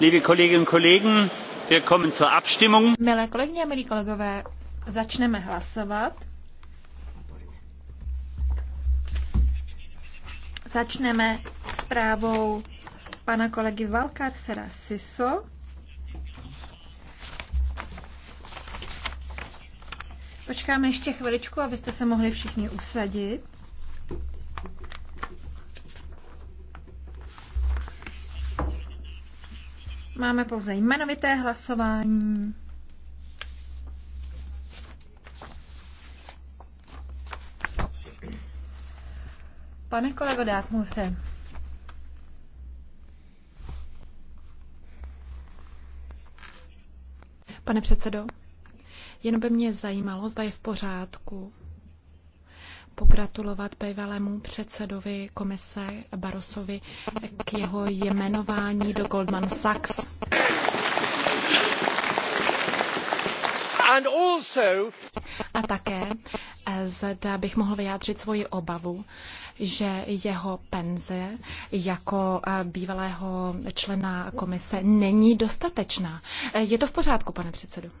Liebe Kolleginnen und Kollegen, wir kommen zur Abstimmung. Milé kolegyně milí kolegové, začneme hlasovat. Začneme zprávou pana kolegy Valkarsera Siso. Počkáme ještě chviličku, abyste se mohli všichni usadit. Máme pouze jmenovité hlasování. Pane kolego Dátmuse, Pane předsedo, jenom by mě zajímalo, zda je v pořádku, pogratulovat bývalému předsedovi komise Barosovi k jeho jmenování do Goldman Sachs. And also... A také eh, zda bych mohl vyjádřit svoji obavu, že jeho penze jako eh, bývalého člena komise není dostatečná. Eh, je to v pořádku, pane předsedu?